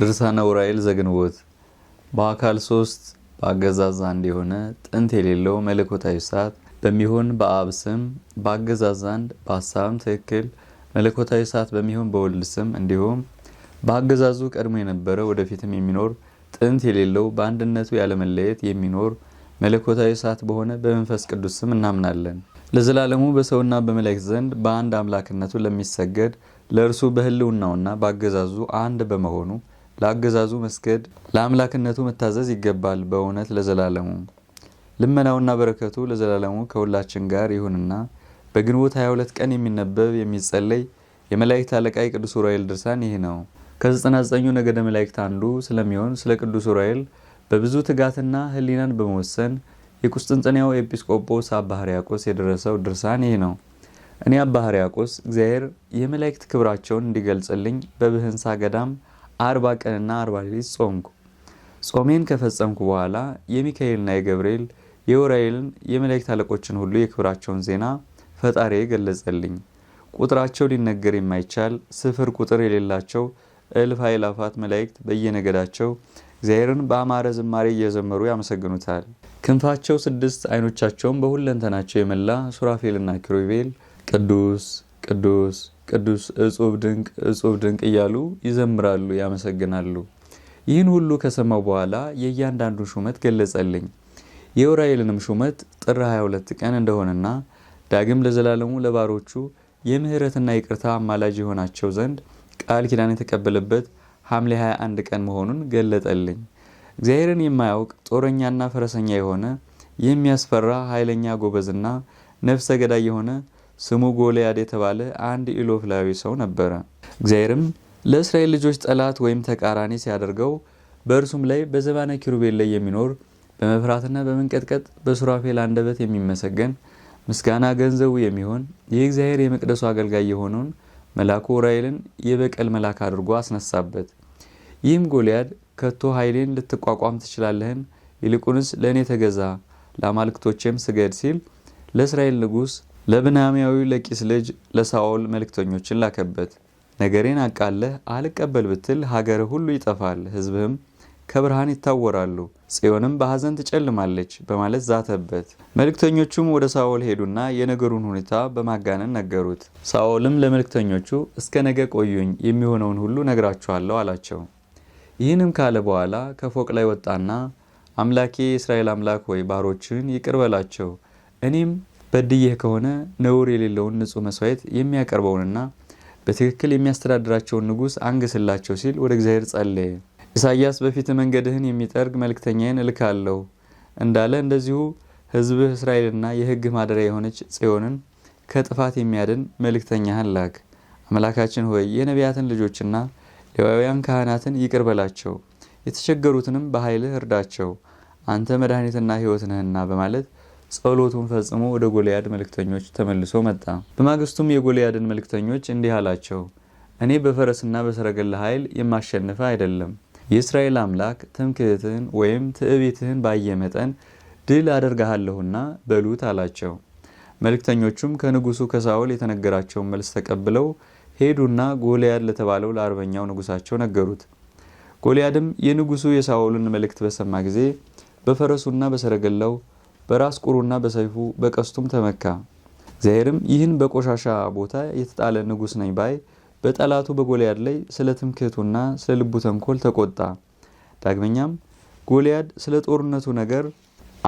ድርሳነ ዑራኤል ዘግንቦት በአካል ሶስት በአገዛዝ አንድ የሆነ ጥንት የሌለው መለኮታዊ እሳት በሚሆን በአብ ስም በአገዛዝ አንድ በሀሳብም ትክክል መለኮታዊ እሳት በሚሆን በወልድ ስም እንዲሁም በአገዛዙ ቀድሞ የነበረ ወደፊትም የሚኖር ጥንት የሌለው በአንድነቱ ያለመለየት የሚኖር መለኮታዊ እሳት በሆነ በመንፈስ ቅዱስ ስም እናምናለን። ለዘላለሙ በሰውና በመላእክት ዘንድ በአንድ አምላክነቱ ለሚሰገድ ለእርሱ በህልውናውና በአገዛዙ አንድ በመሆኑ ለአገዛዙ መስገድ፣ ለአምላክነቱ መታዘዝ ይገባል። በእውነት ለዘላለሙ ልመናውና በረከቱ ለዘላለሙ ከሁላችን ጋር ይሁንና በግንቦት 22 ቀን የሚነበብ የሚጸለይ የመላእክት አለቃ የቅዱስ ዑራኤል ድርሳን ይህ ነው። ከ99ኙ ነገደ መላእክት አንዱ ስለሚሆን ስለ ቅዱስ ዑራኤል በብዙ ትጋትና ሕሊናን በመወሰን የቁስጥንጥንያው ኤጲስቆጶስ አባ ሕርያቆስ የደረሰው ድርሳን ይህ ነው። እኔ አባ ሕርያቆስ እግዚአብሔር የመላእክት ክብራቸውን እንዲገልጽልኝ በብህንሳ ገዳም አርባ ቀንና አርባ ሌሊት ጾምኩ። ጾሜን ከፈጸምኩ በኋላ የሚካኤልና የገብርኤል የዑራኤልን የመላእክት አለቆችን ሁሉ የክብራቸውን ዜና ፈጣሪ ገለጸልኝ። ቁጥራቸው ሊነገር የማይቻል ስፍር ቁጥር የሌላቸው እልፍ አእላፋት መላእክት በየነገዳቸው እግዚአብሔርን በአማረ ዝማሬ እየዘመሩ ያመሰግኑታል። ክንፋቸው ስድስት ዓይኖቻቸውም በሁለንተናቸው የመላ ሱራፌልና ኪሩቤል ቅዱስ ቅዱስ ቅዱስ እጹብ ድንቅ እጹብ ድንቅ እያሉ ይዘምራሉ፣ ያመሰግናሉ። ይህን ሁሉ ከሰማው በኋላ የእያንዳንዱን ሹመት ገለጸልኝ። የዑራኤልንም ሹመት ጥር 22 ቀን እንደሆነና ዳግም ለዘላለሙ ለባሮቹ የምህረትና ይቅርታ አማላጅ የሆናቸው ዘንድ ቃል ኪዳን የተቀበለበት ሐምሌ 21 ቀን መሆኑን ገለጠልኝ። እግዚአብሔርን የማያውቅ ጦረኛና ፈረሰኛ የሆነ የሚያስፈራ ኃይለኛ ጎበዝና ነፍሰ ገዳይ የሆነ ስሙ ጎልያድ የተባለ አንድ ኢሎፍላዊ ሰው ነበረ። እግዚአብሔርም ለእስራኤል ልጆች ጠላት ወይም ተቃራኒ ሲያደርገው በእርሱም ላይ በዘባነ ኪሩቤል ላይ የሚኖር በመፍራትና በመንቀጥቀጥ በሱራፌል አንደበት የሚመሰገን ምስጋና ገንዘቡ የሚሆን የእግዚአብሔር የመቅደሱ አገልጋይ የሆነውን መልአኩ ዑራኤልን የበቀል መልአክ አድርጎ አስነሳበት። ይህም ጎልያድ ከቶ ኃይሌን ልትቋቋም ትችላለህን? ይልቁንስ ለእኔ ተገዛ፣ ለአማልክቶቼም ስገድ ሲል ለእስራኤል ንጉሥ ለብንያማዊው ለቂስ ልጅ ለሳኦል መልእክተኞችን ላከበት። ነገሬን አቃለህ አልቀበል ብትል ሀገር ሁሉ ይጠፋል፣ ህዝብህም ከብርሃን ይታወራሉ፣ ጽዮንም በሐዘን ትጨልማለች በማለት ዛተበት። መልእክተኞቹም ወደ ሳኦል ሄዱና የነገሩን ሁኔታ በማጋነን ነገሩት። ሳኦልም ለመልእክተኞቹ እስከ ነገ ቆዩኝ፣ የሚሆነውን ሁሉ ነግራችኋለሁ አላቸው። ይህንም ካለ በኋላ ከፎቅ ላይ ወጣና አምላኬ የእስራኤል አምላክ ሆይ ባሮችን ይቅር በላቸው እኔም በድየህ ከሆነ ነውር የሌለውን ንጹህ መስዋዕት የሚያቀርበውንና በትክክል የሚያስተዳድራቸውን ንጉሥ አንግስላቸው ሲል ወደ እግዚአብሔር ጸለየ። ኢሳይያስ በፊት መንገድህን የሚጠርግ መልእክተኛዬን እልካለሁ እንዳለ እንደዚሁ ህዝብህ እስራኤልና የህግ ማደሪያ የሆነች ጽዮንን ከጥፋት የሚያድን መልእክተኛህን ላክ። አምላካችን ሆይ የነቢያትን ልጆችና ሌዋውያን ካህናትን ይቅር በላቸው፣ የተቸገሩትንም በኃይልህ እርዳቸው፣ አንተ መድኃኒትና ሕይወት ነህና በማለት ጸሎቱን ፈጽሞ ወደ ጎልያድ መልክተኞች ተመልሶ መጣ። በማግስቱም የጎልያድን መልክተኞች እንዲህ አላቸው፣ እኔ በፈረስና በሰረገላ ኃይል የማሸንፈ አይደለም። የእስራኤል አምላክ ትምክህትህን ወይም ትዕቢትህን ባየ መጠን ድል አደርግሃለሁና በሉት አላቸው። መልክተኞቹም ከንጉሱ ከሳውል የተነገራቸውን መልስ ተቀብለው ሄዱና ጎልያድ ለተባለው ለአርበኛው ንጉሳቸው ነገሩት። ጎልያድም የንጉሱ የሳውልን መልእክት በሰማ ጊዜ በፈረሱና በሰረገላው በራስ ቁሩና በሰይፉ በቀስቱም ተመካ። እግዚአብሔርም ይህን በቆሻሻ ቦታ የተጣለ ንጉሥ ነኝ ባይ በጠላቱ በጎልያድ ላይ ስለ ትምክህቱና ስለ ልቡ ተንኮል ተቆጣ። ዳግመኛም ጎልያድ ስለ ጦርነቱ ነገር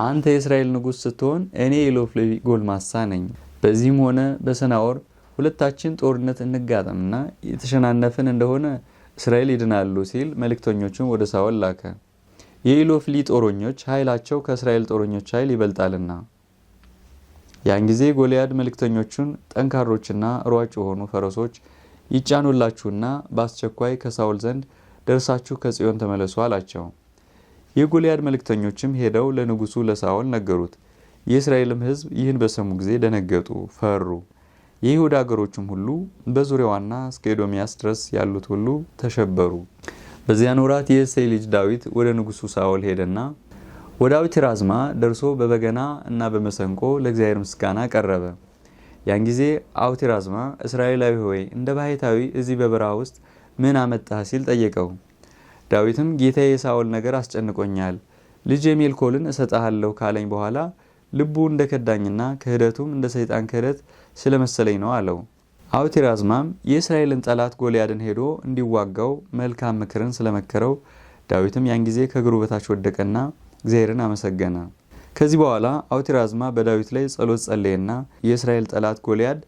አንተ የእስራኤል ንጉሥ ስትሆን እኔ የሎፍሌ ጎልማሳ ነኝ። በዚህም ሆነ በሰናወር ሁለታችን ጦርነት እንጋጠምና የተሸናነፍን እንደሆነ እስራኤል ይድናሉ ሲል መልእክተኞቹን ወደ ሳውል ላከ። የኢሎፍሊ ጦረኞች ኃይላቸው ከእስራኤል ጦረኞች ኃይል ይበልጣልና። ያን ጊዜ ጎልያድ መልእክተኞቹን ጠንካሮችና ሯጭ የሆኑ ፈረሶች ይጫኑላችሁና በአስቸኳይ ከሳውል ዘንድ ደርሳችሁ ከጽዮን ተመለሱ አላቸው። የጎልያድ መልእክተኞችም ሄደው ለንጉሱ ለሳውል ነገሩት። የእስራኤልም ሕዝብ ይህን በሰሙ ጊዜ ደነገጡ፣ ፈሩ። የይሁዳ አገሮችም ሁሉ በዙሪያዋና እስከ ኤዶምያስ ድረስ ያሉት ሁሉ ተሸበሩ። በዚያን ወራት የእሴይ ልጅ ዳዊት ወደ ንጉሱ ሳኦል ሄደና ወደ ራዝማ ደርሶ በበገና እና በመሰንቆ ለእግዚአብሔር ምስጋና ቀረበ። ያን ጊዜ አውቲራዝማ እስራኤላዊ ሆይ እንደ ባህታዊ እዚህ በበረሃ ውስጥ ምን አመጣህ ሲል ጠየቀው። ዳዊትም ጌታዬ የሳኦል ነገር አስጨንቆኛል፣ ልጅ ሜልኮልን እሰጣለሁ ካለኝ በኋላ ልቡ እንደ ከዳኝና ክህደቱም እንደ ሰይጣን ክህደት ስለመሰለኝ ነው አለው። አውቲራዝማም የእስራኤልን ጠላት ጎልያድን ሄዶ እንዲዋጋው መልካም ምክርን ስለመከረው ዳዊትም ያን ጊዜ ከእግሩ በታች ወደቀና እግዚአብሔርን አመሰገነ። ከዚህ በኋላ አውቲራዝማ በዳዊት ላይ ጸሎት ጸለየና የእስራኤል ጠላት ጎልያድ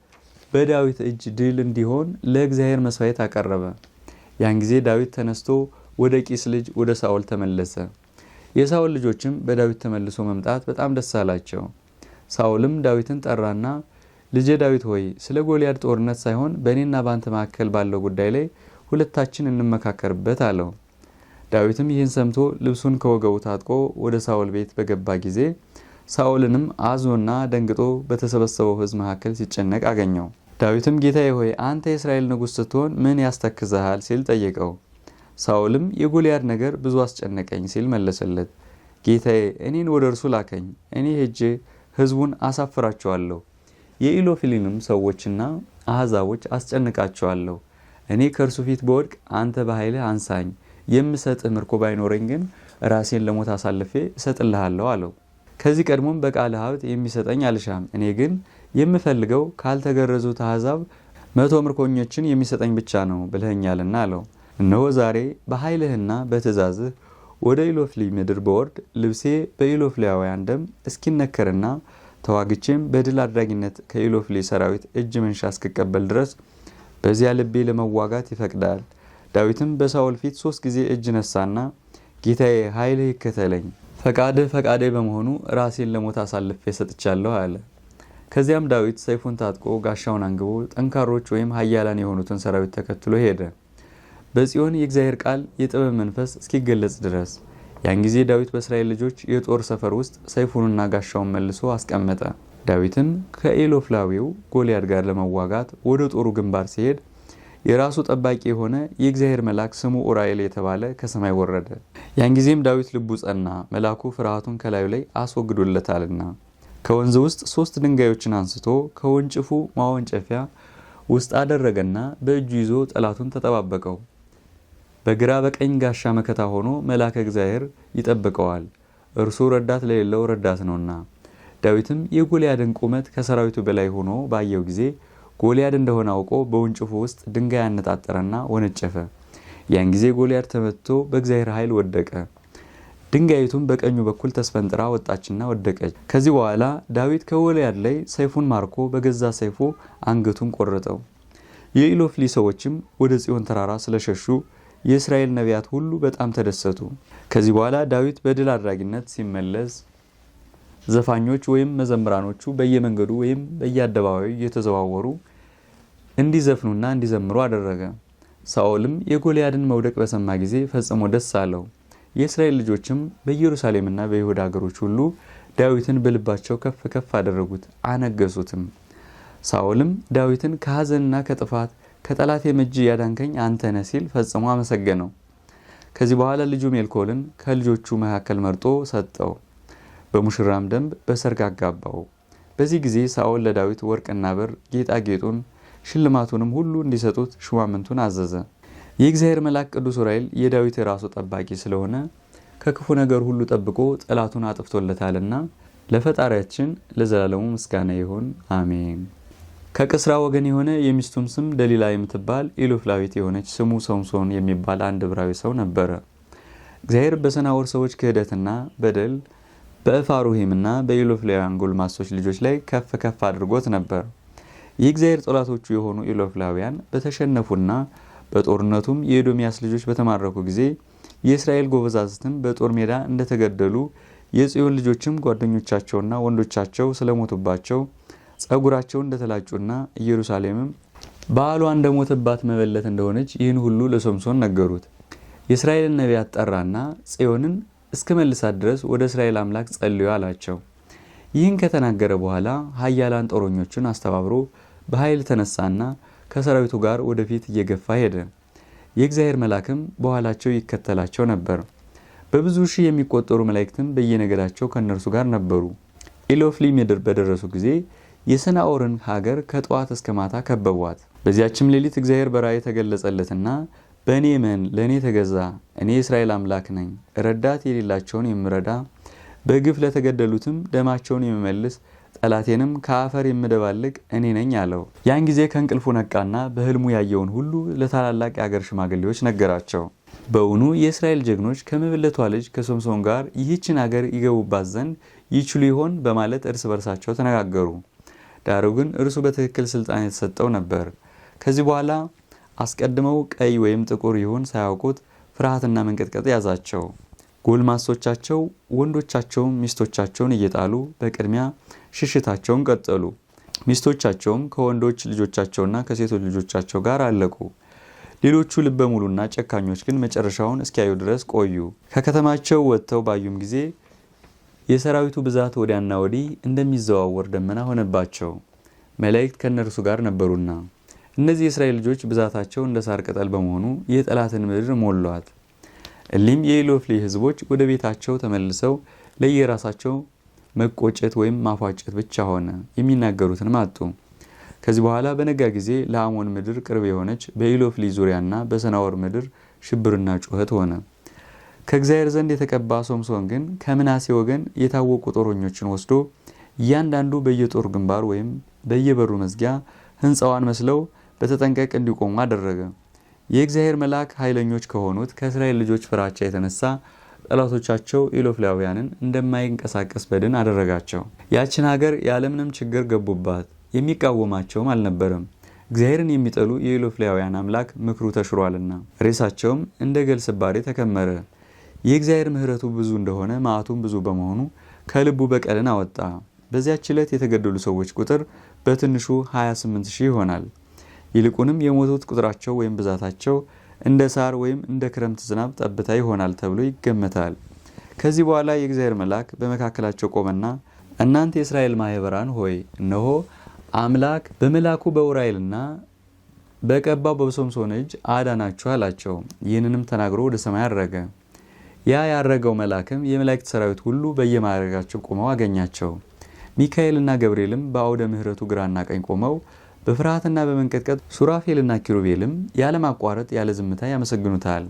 በዳዊት እጅ ድል እንዲሆን ለእግዚአብሔር መስዋዕት አቀረበ። ያን ጊዜ ዳዊት ተነስቶ ወደ ቂስ ልጅ ወደ ሳኦል ተመለሰ። የሳኦል ልጆችም በዳዊት ተመልሶ መምጣት በጣም ደስ አላቸው። ሳኦልም ዳዊትን ጠራና ልጄ ዳዊት ሆይ ስለ ጎልያድ ጦርነት ሳይሆን በእኔና በአንተ መካከል ባለው ጉዳይ ላይ ሁለታችን እንመካከርበት አለው። ዳዊትም ይህን ሰምቶ ልብሱን ከወገቡ ታጥቆ ወደ ሳኦል ቤት በገባ ጊዜ ሳኦልንም አዞና ደንግጦ በተሰበሰበው ሕዝብ መካከል ሲጨነቅ አገኘው። ዳዊትም ጌታዬ ሆይ አንተ የእስራኤል ንጉሥ ስትሆን ምን ያስተክዝሃል ሲል ጠየቀው። ሳኦልም የጎልያድ ነገር ብዙ አስጨነቀኝ ሲል መለሰለት። ጌታዬ እኔን ወደ እርሱ ላከኝ፣ እኔ ሄጄ ሕዝቡን አሳፍራቸዋለሁ የኢሎፊሊንም ሰዎችና አሕዛቦች አስጨንቃቸዋለሁ። እኔ ከእርሱ ፊት በወድቅ አንተ በኃይልህ አንሳኝ፣ የምሰጥህ ምርኮ ባይኖረኝ ግን ራሴን ለሞት አሳልፌ እሰጥልሃለሁ አለው። ከዚህ ቀድሞም በቃለ ሀብት የሚሰጠኝ አልሻም። እኔ ግን የምፈልገው ካልተገረዙት አሕዛብ መቶ ምርኮኞችን የሚሰጠኝ ብቻ ነው ብልኸኛልና አለው። እነሆ ዛሬ በኃይልህና በትእዛዝህ ወደ ኢሎፍሊ ምድር በወርድ ልብሴ በኢሎፍሊያውያን ደም እስኪነከርና ተዋግቼም በድል አድራጊነት ከኢሎፍሌ ሰራዊት እጅ መንሻ እስክቀበል ድረስ በዚያ ልቤ ለመዋጋት ይፈቅዳል። ዳዊትም በሳውል ፊት ሶስት ጊዜ እጅ ነሳና ጌታዬ ኃይልህ ይከተለኝ፣ ፈቃድህ ፈቃዴ በመሆኑ ራሴን ለሞት አሳልፌ ሰጥቻለሁ አለ። ከዚያም ዳዊት ሰይፉን ታጥቆ ጋሻውን አንግቦ ጠንካሮች ወይም ኃያላን የሆኑትን ሰራዊት ተከትሎ ሄደ። በጽዮን የእግዚአብሔር ቃል የጥበብ መንፈስ እስኪገለጽ ድረስ ያን ጊዜ ዳዊት በእስራኤል ልጆች የጦር ሰፈር ውስጥ ሰይፉንና ጋሻውን መልሶ አስቀመጠ። ዳዊትም ከኤሎፍላዊው ጎልያድ ጋር ለመዋጋት ወደ ጦሩ ግንባር ሲሄድ የራሱ ጠባቂ የሆነ የእግዚአብሔር መልአክ ስሙ ኡራኤል የተባለ ከሰማይ ወረደ። ያን ጊዜም ዳዊት ልቡ ጸና፣ መልአኩ ፍርሃቱን ከላዩ ላይ አስወግዶለታልና። ከወንዝ ውስጥ ሶስት ድንጋዮችን አንስቶ ከወንጭፉ ማወንጨፊያ ውስጥ አደረገና በእጁ ይዞ ጠላቱን ተጠባበቀው። በግራ በቀኝ ጋሻ መከታ ሆኖ መልአከ እግዚአብሔር ይጠብቀዋል። እርሱ ረዳት ለሌለው ረዳት ነውና። ዳዊትም የጎልያድን ቁመት ከሰራዊቱ በላይ ሆኖ ባየው ጊዜ ጎልያድ እንደሆነ አውቆ በወንጭፉ ውስጥ ድንጋይ አነጣጠረና ወነጨፈ። ያን ጊዜ ጎልያድ ተመትቶ በእግዚአብሔር ኃይል ወደቀ። ድንጋይቱም በቀኙ በኩል ተስፈንጥራ ወጣችና ወደቀች። ከዚህ በኋላ ዳዊት ከጎልያድ ላይ ሰይፉን ማርኮ በገዛ ሰይፉ አንገቱን ቆረጠው። የኢሎፍሊ ሰዎችም ወደ ጽዮን ተራራ ስለሸሹ የእስራኤል ነቢያት ሁሉ በጣም ተደሰቱ። ከዚህ በኋላ ዳዊት በድል አድራጊነት ሲመለስ ዘፋኞች ወይም መዘምራኖቹ በየመንገዱ ወይም በየአደባባዩ እየተዘዋወሩ እንዲዘፍኑና እንዲዘምሩ አደረገ። ሳኦልም የጎልያድን መውደቅ በሰማ ጊዜ ፈጽሞ ደስ አለው። የእስራኤል ልጆችም በኢየሩሳሌምና በይሁዳ ሀገሮች ሁሉ ዳዊትን በልባቸው ከፍ ከፍ አደረጉት፣ አነገሱትም። ሳኦልም ዳዊትን ከሐዘንና ከጥፋት ከጠላት እጅ ያዳንከኝ አንተ ነህ ሲል ፈጽሞ አመሰገነው። ከዚህ በኋላ ልጁ ሜልኮልን ከልጆቹ መካከል መርጦ ሰጠው፣ በሙሽራም ደንብ በሰርግ አጋባው። በዚህ ጊዜ ሳኦል ለዳዊት ወርቅና ብር፣ ጌጣጌጡን፣ ሽልማቱንም ሁሉ እንዲሰጡት ሹማምንቱን አዘዘ። የእግዚአብሔር መልአክ ቅዱስ ዑራኤል የዳዊት የራሱ ጠባቂ ስለሆነ ከክፉ ነገር ሁሉ ጠብቆ ጠላቱን አጥፍቶለታልና ለፈጣሪያችን ለዘላለሙ ምስጋና ይሁን፣ አሜን። ከቅስራ ወገን የሆነ የሚስቱም ስም ደሊላ የምትባል ኢሎፍላዊት የሆነች ስሙ ሰምሶን የሚባል አንድ ዕብራዊ ሰው ነበረ። እግዚአብሔር በሰናወር ሰዎች ክህደትና በደል በእፋሩሂምና በኢሎፍላውያን ጎልማሶች ልጆች ላይ ከፍ ከፍ አድርጎት ነበር። የእግዚአብሔር ጠላቶቹ የሆኑ ኢሎፍላውያን በተሸነፉና በጦርነቱም የኤዶሚያስ ልጆች በተማረኩ ጊዜ የእስራኤል ጎበዛዝትም በጦር ሜዳ እንደተገደሉ የጽዮን ልጆችም ጓደኞቻቸውና ወንዶቻቸው ስለሞቱባቸው ጸጉራቸውን እንደተላጩና ኢየሩሳሌምም ባሏ እንደሞተባት መበለት እንደሆነች ይህን ሁሉ ለሶምሶን ነገሩት። የእስራኤልን ነቢያት ጠራና ጽዮንን እስከ መልሳት ድረስ ወደ እስራኤል አምላክ ጸልዩ አላቸው። ይህን ከተናገረ በኋላ ኃያላን ጦረኞቹን አስተባብሮ በኃይል ተነሳና ከሰራዊቱ ጋር ወደፊት እየገፋ ሄደ። የእግዚአብሔር መልአክም በኋላቸው ይከተላቸው ነበር። በብዙ ሺህ የሚቆጠሩ መላእክትም በየነገዳቸው ከእነርሱ ጋር ነበሩ። ኢሎፍሊም በደረሱ ጊዜ የሰናኦርን ሀገር ከጠዋት እስከ ማታ ከበቧት። በዚያችም ሌሊት እግዚአብሔር በራእይ ተገለጸለትና በእኔ እመን፣ ለእኔ ተገዛ፣ እኔ የእስራኤል አምላክ ነኝ፣ ረዳት የሌላቸውን የምረዳ፣ በግፍ ለተገደሉትም ደማቸውን የምመልስ፣ ጠላቴንም ከአፈር የምደባልቅ እኔ ነኝ አለው። ያን ጊዜ ከእንቅልፉ ነቃና በህልሙ ያየውን ሁሉ ለታላላቅ የአገር ሽማግሌዎች ነገራቸው። በውኑ የእስራኤል ጀግኖች ከምብለቷ ልጅ ከሶምሶን ጋር ይህችን አገር ይገቡባት ዘንድ ይችሉ ይሆን በማለት እርስ በርሳቸው ተነጋገሩ። ዳሩ ግን እርሱ በትክክል ስልጣን የተሰጠው ነበር። ከዚህ በኋላ አስቀድመው ቀይ ወይም ጥቁር ይሁን ሳያውቁት ፍርሃትና መንቀጥቀጥ ያዛቸው። ጎልማሶቻቸው ወንዶቻቸውም ሚስቶቻቸውን እየጣሉ በቅድሚያ ሽሽታቸውን ቀጠሉ። ሚስቶቻቸውም ከወንዶች ልጆቻቸውና ከሴቶች ልጆቻቸው ጋር አለቁ። ሌሎቹ ልበ ሙሉና ጨካኞች ግን መጨረሻውን እስኪያዩ ድረስ ቆዩ። ከከተማቸው ወጥተው ባዩም ጊዜ የሰራዊቱ ብዛት ወዲያና ወዲህ እንደሚዘዋወር ደመና ሆነባቸው። መላእክት ከእነርሱ ጋር ነበሩና እነዚህ የእስራኤል ልጆች ብዛታቸው እንደ ሳር ቅጠል በመሆኑ የጠላትን ምድር ሞሏት። እሊም የኢሎፍሌ ህዝቦች ወደ ቤታቸው ተመልሰው ለየራሳቸው መቆጨት ወይም ማፏጨት ብቻ ሆነ፣ የሚናገሩትንም አጡ። ከዚህ በኋላ በነጋ ጊዜ ለአሞን ምድር ቅርብ የሆነች በኢሎፍሊ ዙሪያና በሰናወር ምድር ሽብርና ጩኸት ሆነ። ከእግዚአብሔር ዘንድ የተቀባ ሶምሶን ግን ከምናሴ ወገን የታወቁ ጦረኞችን ወስዶ እያንዳንዱ በየጦር ግንባር ወይም በየበሩ መዝጊያ ህንፃዋን መስለው በተጠንቀቅ እንዲቆሙ አደረገ። የእግዚአብሔር መልአክ ኃይለኞች ከሆኑት ከእስራኤል ልጆች ፍራቻ የተነሳ ጠላቶቻቸው ኢሎፍላውያንን እንደማይንቀሳቀስ በድን አደረጋቸው። ያችን ሀገር ያለምንም ችግር ገቡባት፣ የሚቃወማቸውም አልነበረም። እግዚአብሔርን የሚጠሉ የኢሎፍላውያን አምላክ ምክሩ ተሽሯልና፣ ሬሳቸውም እንደ ገል ስባሬ ተከመረ። የእግዚአብሔር ምሕረቱ ብዙ እንደሆነ መዓቱም ብዙ በመሆኑ ከልቡ በቀልን አወጣ። በዚያች ዕለት የተገደሉ ሰዎች ቁጥር በትንሹ 28 ሺህ ይሆናል። ይልቁንም የሞቱት ቁጥራቸው ወይም ብዛታቸው እንደ ሳር ወይም እንደ ክረምት ዝናብ ጠብታ ይሆናል ተብሎ ይገመታል። ከዚህ በኋላ የእግዚአብሔር መልአክ በመካከላቸው ቆመና እናንተ የእስራኤል ማህበራን ሆይ እነሆ አምላክ በመልአኩ በውራይልና በቀባው በሶምሶን እጅ አዳናችሁ አላቸው። ይህንንም ተናግሮ ወደ ሰማይ አረገ። ያ ያረገው መልአክም የመላእክት ሰራዊት ሁሉ በየማዕረጋቸው ቆመው አገኛቸው። ሚካኤልና ገብርኤልም በአውደ ምሕረቱ ግራና ቀኝ ቆመው በፍርሃትና በመንቀጥቀጥ ሱራፌልና ኪሩቤልም ያለማቋረጥ ያለ ዝምታ ያመሰግኑታል።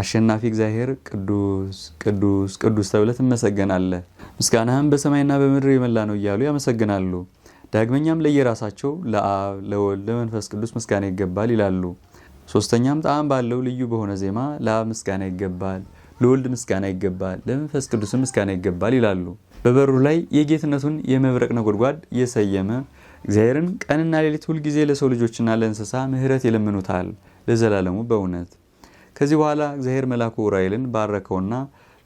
አሸናፊ እግዚአብሔር ቅዱስ ቅዱስ ቅዱስ ተብለ ትመሰገናለ። ምስጋናህም በሰማይና በምድር የመላ ነው እያሉ ያመሰግናሉ። ዳግመኛም ለየራሳቸው ለአብ ለወልድ ለመንፈስ ቅዱስ ምስጋና ይገባል ይላሉ። ሶስተኛም ጣዕም ባለው ልዩ በሆነ ዜማ ለአብ ምስጋና ይገባል ለወልድ ምስጋና ይገባል፣ ለመንፈስ ቅዱስ ምስጋና ይገባል ይላሉ። በበሩ ላይ የጌትነቱን የመብረቅ ነጎድጓድ የሰየመ እግዚአብሔርን ቀንና ሌሊት ሁልጊዜ ለሰው ልጆችና ለእንስሳ ምሕረት የለምኑታል ለዘላለሙ በእውነት። ከዚህ በኋላ እግዚአብሔር መልአኩ ዑራኤልን ባረከውና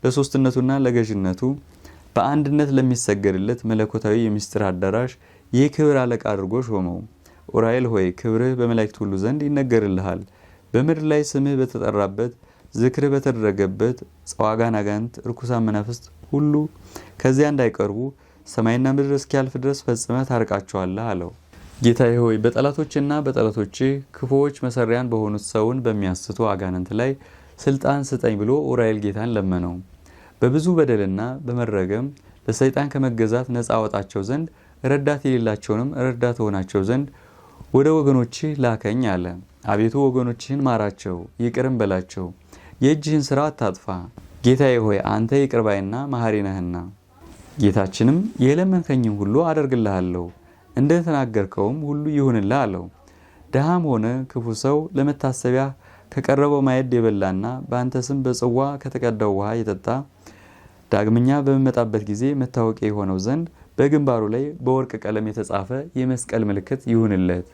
ለሶስትነቱና ለገዥነቱ በአንድነት ለሚሰገድለት መለኮታዊ የሚስጥር አዳራሽ የክብር አለቃ አድርጎ ሾመው። ዑራኤል ሆይ ክብርህ በመላእክት ሁሉ ዘንድ ይነገርልሃል፣ በምድር ላይ ስምህ በተጠራበት ዝክር በተደረገበት ጸዋጋን አጋንት ርኩሳን መናፍስት ሁሉ ከዚያ እንዳይቀርቡ ሰማይና ምድር እስኪያልፍ ድረስ ፈጽመ ታርቃቸዋለህ አለው። ጌታዬ ሆይ በጠላቶችና በጠላቶች ክፉዎች መሰሪያን በሆኑት ሰውን በሚያስቱ አጋንንት ላይ ስልጣን ስጠኝ ብሎ ኡራኤል ጌታን ለመነው። በብዙ በደልና በመረገም ለሰይጣን ከመገዛት ነፃ አወጣቸው ዘንድ ረዳት የሌላቸውንም ረዳት ሆናቸው ዘንድ ወደ ወገኖችህ ላከኝ አለ። አቤቱ ወገኖችህን ማራቸው፣ ይቅርም በላቸው የእጅህን ሥራ አታጥፋ፣ ጌታዬ ሆይ አንተ ይቅርባይና መሐሪ ነህና። ጌታችንም የለመንከኝም ሁሉ አደርግልሃለሁ እንደ ተናገርከውም ሁሉ ይሁንልህ አለው። ድሃም ሆነ ክፉ ሰው ለመታሰቢያ ከቀረበው ማዕድ የበላና በአንተ ስም በጽዋ ከተቀዳው ውሃ የጠጣ ዳግመኛ በምመጣበት ጊዜ መታወቂያ የሆነው ዘንድ በግንባሩ ላይ በወርቅ ቀለም የተጻፈ የመስቀል ምልክት ይሁንለት።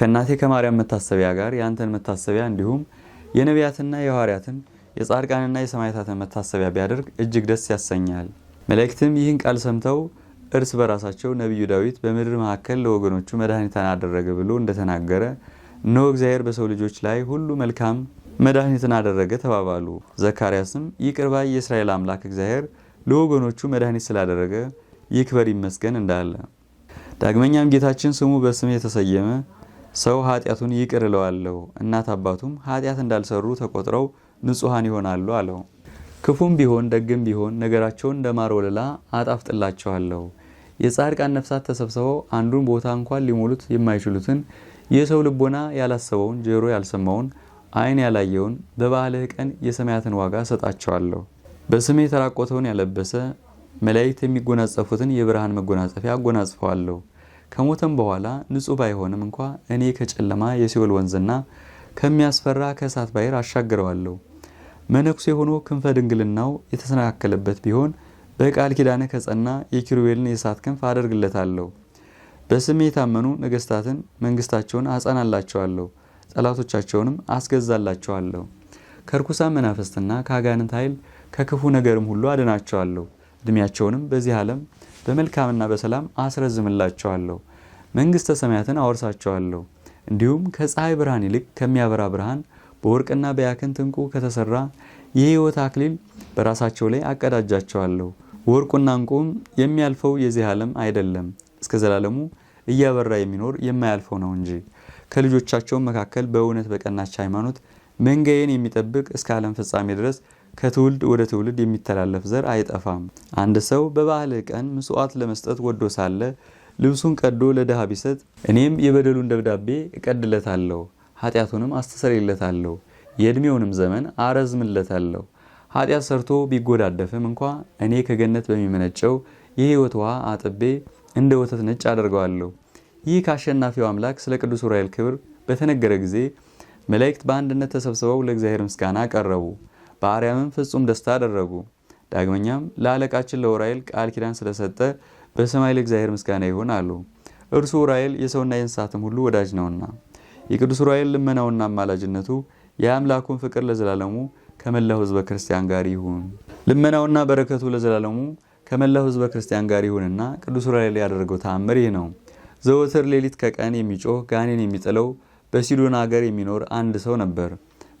ከእናቴ ከማርያም መታሰቢያ ጋር የአንተን መታሰቢያ እንዲሁም የነቢያትና የሐዋርያትን የጻድቃንና የሰማዕታትን መታሰቢያ ቢያደርግ እጅግ ደስ ያሰኛል። መላእክትም ይህን ቃል ሰምተው እርስ በራሳቸው ነቢዩ ዳዊት በምድር መካከል ለወገኖቹ መድኃኒትን አደረገ ብሎ እንደተናገረ ኖ እግዚአብሔር በሰው ልጆች ላይ ሁሉ መልካም መድኃኒትን አደረገ ተባባሉ። ዘካርያስም ይቅርባ የእስራኤል አምላክ እግዚአብሔር ለወገኖቹ መድኃኒት ስላደረገ ይክበር ይመስገን እንዳለ ዳግመኛም ጌታችን ስሙ በስም የተሰየመ ሰው ኃጢአቱን ይቅር እለዋለሁ፣ እናት አባቱም ኃጢአት እንዳልሰሩ ተቆጥረው ንጹሐን ይሆናሉ አለው። ክፉም ቢሆን ደግም ቢሆን ነገራቸውን እንደ ማር ወለላ አጣፍጥላቸዋለሁ። የጻድቃን ነፍሳት ተሰብስበው አንዱን ቦታ እንኳን ሊሞሉት የማይችሉትን የሰው ልቦና ያላሰበውን ጆሮ ያልሰማውን ዓይን ያላየውን በበዓልህ ቀን የሰማያትን ዋጋ እሰጣቸዋለሁ። በስሜ የተራቆተውን ያለበሰ መላእክት የሚጎናጸፉትን የብርሃን መጎናጸፊያ አጎናጽፈዋለሁ። ከሞተም በኋላ ንጹህ ባይሆንም እንኳ እኔ ከጨለማ የሲኦል ወንዝና ከሚያስፈራ ከእሳት ባሕር አሻግረዋለሁ። መነኩሴ የሆኖ ክንፈ ድንግልናው የተሰናከለበት ቢሆን በቃል ኪዳነ ከጸና የኪሩቤልን የእሳት ክንፍ አደርግለታለሁ። በስሜ የታመኑ ነገስታትን መንግስታቸውን አጸናላቸዋለሁ፣ ጠላቶቻቸውንም አስገዛላቸዋለሁ። ከርኩሳን መናፍስትና ከአጋንንት ኃይል ከክፉ ነገርም ሁሉ አድናቸዋለሁ። ዕድሜያቸውንም በዚህ ዓለም በመልካምና በሰላም አስረዝምላቸዋለሁ፣ መንግሥተ ሰማያትን አወርሳቸዋለሁ። እንዲሁም ከፀሐይ ብርሃን ይልቅ ከሚያበራ ብርሃን በወርቅና በያክንት ዕንቁ ከተሰራ የሕይወት አክሊል በራሳቸው ላይ አቀዳጃቸዋለሁ። ወርቁና ዕንቁም የሚያልፈው የዚህ ዓለም አይደለም፣ እስከ ዘላለሙ እያበራ የሚኖር የማያልፈው ነው እንጂ። ከልጆቻቸው መካከል በእውነት በቀናች ሃይማኖት መንገዬን የሚጠብቅ እስከ ዓለም ፍጻሜ ድረስ ከትውልድ ወደ ትውልድ የሚተላለፍ ዘር አይጠፋም። አንድ ሰው በበዓልህ ቀን ምስዋት ለመስጠት ወዶ ሳለ ልብሱን ቀዶ ለድሃ ቢሰጥ እኔም የበደሉን ደብዳቤ እቀድለታለሁ፣ ኃጢአቱንም አስተሰርይለታለሁ፣ የዕድሜውንም ዘመን አረዝምለታለሁ። ኃጢአት ሰርቶ ቢጎዳደፍም እንኳ እኔ ከገነት በሚመነጨው የህይወት ውሃ አጥቤ እንደ ወተት ነጭ አደርገዋለሁ። ይህ ከአሸናፊው አምላክ ስለ ቅዱስ ዑራኤል ክብር በተነገረ ጊዜ መላእክት በአንድነት ተሰብስበው ለእግዚአብሔር ምስጋና ቀረቡ። በአርያምም ፍጹም ደስታ አደረጉ። ዳግመኛም ለአለቃችን ለውራይል ቃል ኪዳን ስለሰጠ በሰማይ ለእግዚአብሔር ምስጋና ይሁን አሉ። እርሱ ኡራኤል የሰውና የእንስሳትም ሁሉ ወዳጅ ነውና። የቅዱስ ኡራኤል ልመናውና አማላጅነቱ የአምላኩን ፍቅር ለዘላለሙ ከመላው ሕዝበ ክርስቲያን ጋር ይሁን። ልመናውና በረከቱ ለዘላለሙ ከመላው ሕዝበ ክርስቲያን ጋር ይሁንና ቅዱስ ውራይል ያደረገው ተአምር ይህ ነው። ዘወትር ሌሊት ከቀን የሚጮህ ጋኔን የሚጥለው በሲዶን አገር የሚኖር አንድ ሰው ነበር።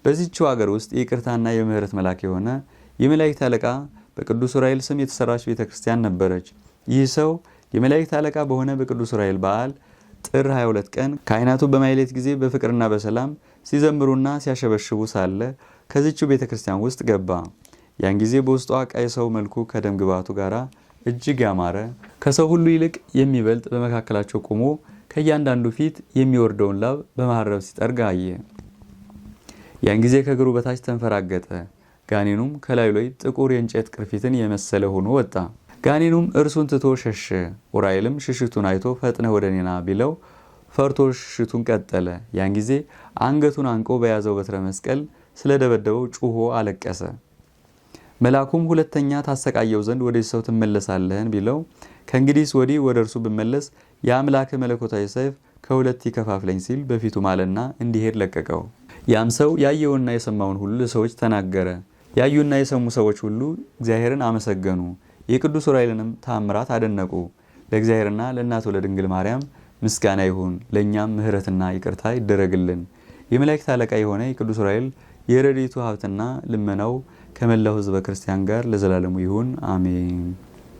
በዚህችው አገር ውስጥ የይቅርታና የምህረት መልአክ የሆነ የመላእክት አለቃ በቅዱስ ዑራኤል ስም የተሰራች ቤተ ክርስቲያን ነበረች። ይህ ሰው የመላእክት አለቃ በሆነ በቅዱስ ዑራኤል በዓል ጥር 22 ቀን ካህናቱ በማይሌት ጊዜ በፍቅርና በሰላም ሲዘምሩና ሲያሸበሽቡ ሳለ ከዚችው ቤተ ክርስቲያን ውስጥ ገባ። ያን ጊዜ በውስጧ ቀይ ሰው መልኩ ከደም ግባቱ ጋር እጅግ ያማረ ከሰው ሁሉ ይልቅ የሚበልጥ በመካከላቸው ቆሞ ከእያንዳንዱ ፊት የሚወርደውን ላብ በማረብ ሲጠርግ አየ። ያን ጊዜ ከእግሩ በታች ተንፈራገጠ። ጋኔኑም ከላዩ ላይ ጥቁር የእንጨት ቅርፊትን የመሰለ ሆኖ ወጣ። ጋኔኑም እርሱን ትቶ ሸሸ። ኡራኤልም ሽሽቱን አይቶ ፈጥነህ ወደ ኔና ቢለው ፈርቶ ሽሽቱን ቀጠለ። ያን ጊዜ አንገቱን አንቆ በያዘው በትረ መስቀል ስለደበደበው ጩሆ አለቀሰ። መልአኩም ሁለተኛ ታሰቃየው ዘንድ ወደ ሰው ትመለሳለህን ቢለው ከእንግዲህስ ወዲህ ወደ እርሱ ብመለስ የአምላክ መለኮታዊ ሰይፍ ከሁለት ይከፋፍለኝ ሲል በፊቱ ማለና እንዲሄድ ለቀቀው። ያም ሰው ያየውና የሰማውን ሁሉ ለሰዎች ተናገረ። ያዩና የሰሙ ሰዎች ሁሉ እግዚአብሔርን አመሰገኑ፣ የቅዱስ ዑራኤልንም ታምራት አደነቁ። ለእግዚአብሔርና ለእናቱ ለድንግል ማርያም ምስጋና ይሁን፣ ለእኛም ምሕረትና ይቅርታ ይደረግልን። የመላእክት አለቃ የሆነ የቅዱስ ዑራኤል የረድኤቱ ሀብትና ልመናው ከመላው ሕዝበ ክርስቲያን ጋር ለዘላለሙ ይሁን አሜን።